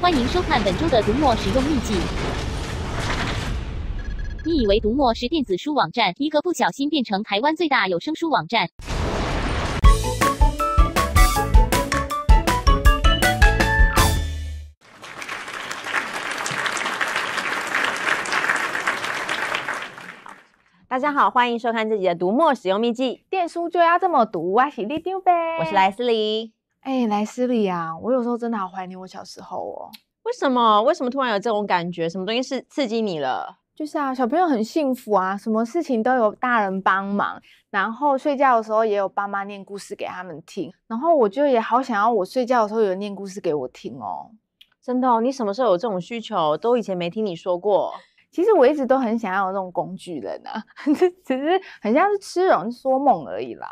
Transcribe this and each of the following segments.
歡迎收看本周的《讀墨使用祕技》。你以為讀墨是電子書網站，一個不小心變成台灣最大有聲書網站。大家好，歡迎收看這集的《讀墨使用祕技》，電書就要這麼讀啊！喜力丟杯，我是萊斯利。哎，萊斯利呀，我有時候真的好懷念我小時候哦。為什麼？為什麼突然有這種感覺？什麼東西是刺激你了？就是啊，小朋友很幸福啊，什麼事情都有大人幫忙，然後睡覺的時候也有爸媽念故事給他們聽，然後我就也好想要我睡覺的時候有人念故事給我聽哦。真的哦？你什麼時候有這種需求？都以前沒聽你說過。其實我一直都很想要那種工具人啊，只 是很像是痴人說夢而已啦。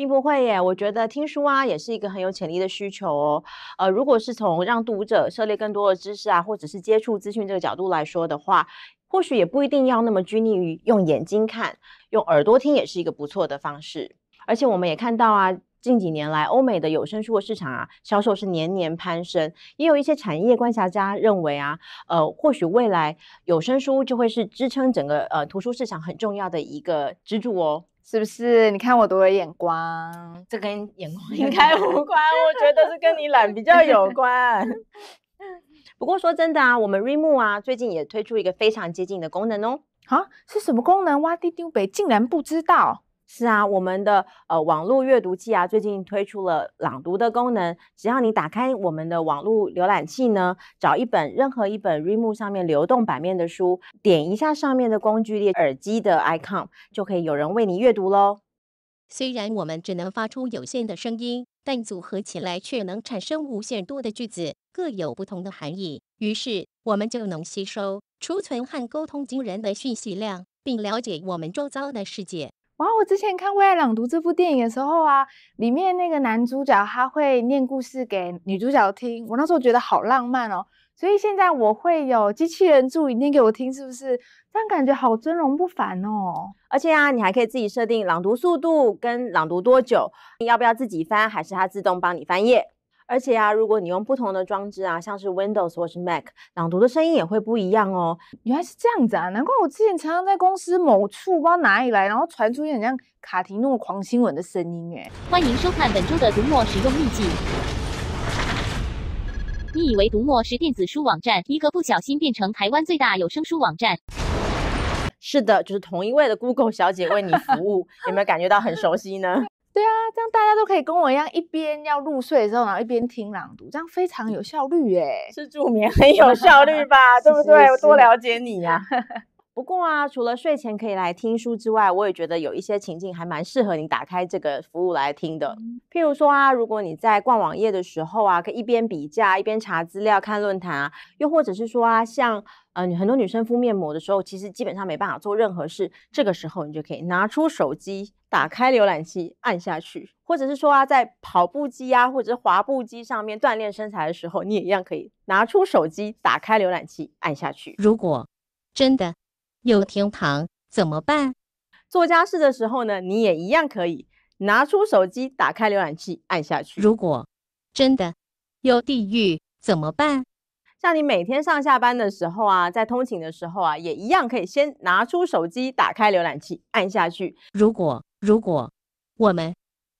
並不會耶，我覺得聽書啊也是一個很有潛力的需求哦。呃，如果是從讓讀者涉獵更多的知識啊，或者是接觸資訊這個角度來說的話，或許也不一定要那麼拘泥於用眼睛看，用耳朵聽也是一個不錯的方式。而且我們也看到啊，近幾年來歐美的有聲書市場啊，銷售是年年攀升。也有一些產業觀察家認為啊，呃，或許未來有聲書就會是支撐整個呃圖書市場很重要的一個支柱哦。是不是？你看我多有眼光，這跟眼光應該無關。 我覺得是跟你懶比較有關。 不過說真的啊，我們 Readmoo 啊最近也推出一個非常接近的功能哦。啊，是什麼功能？哇，地丟北竟然不知道。是啊，我們的呃網絡閱讀器啊，最近推出了朗讀的功能。只要你打開我們的網絡瀏覽器呢，找一本任何一本 Readmoo 上面流動版面的書，點一下上面的工具列耳機的 icon，就可以有人為你閱讀嘍。雖然我們只能發出有限的聲音，但組合起來卻能產生無限多的句子，各有不同的含義。於是我們就能吸收、儲存和溝通驚人的訊息量，並了解我們周遭的世界。哇，我之前看《為愛朗讀》這部電影的時候啊，裡面那個男主角他會念故事給女主角聽，我那時候覺得好浪漫哦。所以現在我會有機器人助理念給我聽，是不是？這樣感覺好尊榮不凡哦。而且啊，你還可以自己設定朗讀速度跟朗讀多久，你要不要自己翻，還是它自動幫你翻頁？而且啊，如果你用不同的裝置啊，像是 Windows 或是 Mac，朗讀的聲音也會不一樣哦。原來是這樣子啊，難怪我之前常常在公司某處，不知道哪裡來，然後傳出一點像卡提諾狂新聞的聲音。哎，歡迎收看本周的讀墨使用祕技。你以為讀墨是電子書網站，一個不小心變成台灣最大有聲書網站。是的，就是同一位的 Google 小姐為你服務， 有沒有感覺到很熟悉呢？對啊，這樣大家都可以跟我一樣，一邊要入睡的時候，然後一邊聽朗讀，這樣非常有效率誒、欸、是助眠很有效率吧？哇對不對？我多了解你呀、啊。 不過啊，除了睡前可以來聽書之外，我也覺得有一些情境還蠻適合你打開這個服務來聽的。譬如說啊，如果你在逛網頁的時候啊，可以一邊比價一邊查資料、看論壇啊；又或者是說啊，像嗯、呃、很多女生敷面膜的時候，其實基本上沒辦法做任何事，這個時候你就可以拿出手機，打開瀏覽器，按下去；或者是說啊，在跑步機啊或者是滑步機上面鍛鍊身材的時候，你也一樣可以拿出手機，打開瀏覽器，按下去。如果真的有天堂怎麼辦？做家事的時候呢，你也一樣可以拿出手機，打開瀏覽器，按下去。如果真的有地獄怎麼辦？像你每天上下班的時候啊，在通勤的時候啊，也一樣可以先拿出手機，打開瀏覽器，按下去。如果如果我們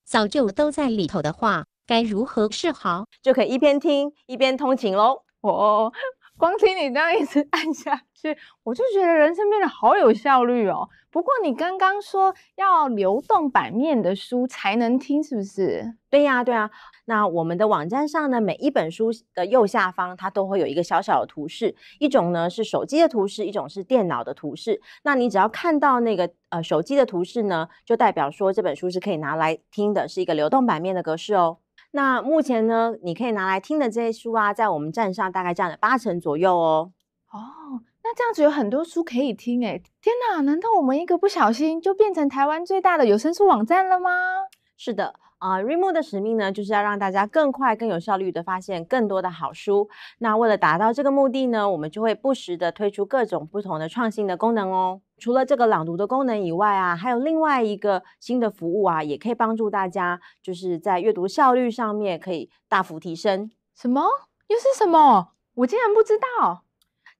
早就都在裡頭的話，該如何是好？就可以一邊聽一邊通勤嘍。哦,哦,哦,哦。光聽你這樣一直按下去，我就覺得人生變得好有效率哦。不過你剛剛說要流動版面的書才能聽，是不是？對呀，對呀。那我們的網站上呢，每一本書的右下方它都會有一個小小的圖示，一種呢是手機的圖示，一種是電腦的圖示。那你只要看到那個呃手機的圖示呢，就代表說這本書是可以拿來聽的，是一個流動版面的格式哦。那目前呢，你可以拿來聽的這些書啊，在我們站上大概佔了八成左右哦。哦，那這樣子有很多書可以聽誒。天哪，難道我們一個不小心就變成台灣最大的有聲書網站了嗎？是的。啊 Readmoo 的使命呢，就是要讓大家更快、更有效率的發現更多的好書。那為了達到這個目的呢，我們就會不時的推出各種不同的創新的功能哦。除了這個朗讀的功能以外啊，還有另外一個新的服務啊，也可以幫助大家，就是在閱讀效率上面可以大幅提升。什麼？又是什麼？我竟然不知道。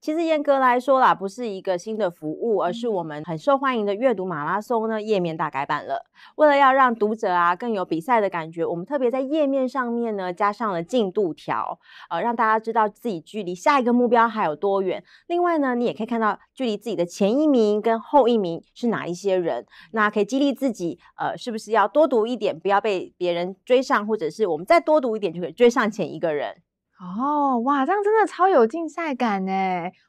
其實嚴格來說啦，不是一個新的服務，而是我們很受歡迎的閱讀馬拉松呢頁面大改版了。為了要讓讀者啊更有比賽的感覺，我們特別在頁面上面呢加上了進度條，呃，讓大家知道自己距離下一個目標還有多遠。另外呢，你也可以看到距離自己的前一名跟後一名是哪一些人，那可以激勵自己，呃，是不是要多讀一點，不要被別人追上，或者是我們再多讀一點就可以追上前一個人。哦，oh, 哇，這樣真的超有競賽感呢，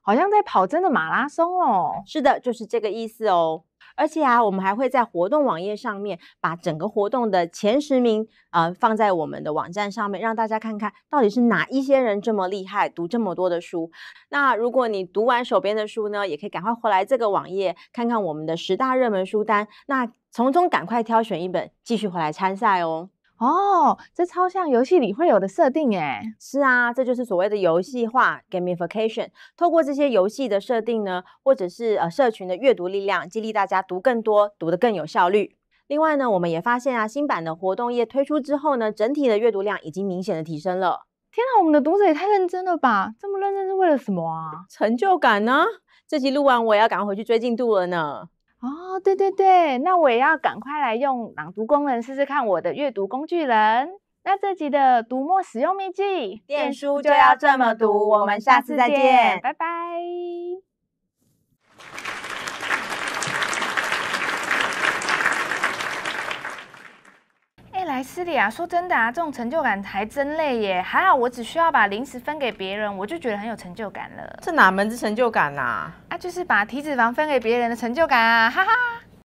好像在跑真的馬拉松哦！是的，就是這個意思哦。而且啊，我們還會在活動網頁上面把整個活動的前十名啊、呃、放在我們的網站上面，讓大家看看到底是哪一些人這麼厲害，讀這麼多的書。那如果你讀完手邊的書呢，也可以趕快回來這個網頁看看我們的十大熱門書單，那從中趕快挑選一本繼續回來參賽哦。哦，oh, 這超像遊戲裡會有的設定誒。是啊，這就是所謂的遊戲化 gamification。Gam 透過這些遊戲的設定呢，或者是呃社群的閱讀力量，激勵大家讀更多，讀得更有效率。另外呢，我們也發現啊，新版的活動頁推出之後呢，整體的閱讀量已經明顯的提升了。天啊，我們的讀者也太認真了吧！這麼認真是為了什麼啊？成就感呢、啊！這期錄完，我也要趕快回去追進度了呢。哦，對對對，那我也要趕快來用朗讀功能試試看我的閱讀工具人。那這集的讀墨使用秘技，電書就要這麼讀。我們下次再見，再見拜拜。哎，萊斯里啊，說真的啊，這種成就感還真累耶。還好我只需要把零食分給別人，我就覺得很有成就感了。這哪門子成就感吶、啊？就是把體脂肪分給別人的成就感啊，哈哈。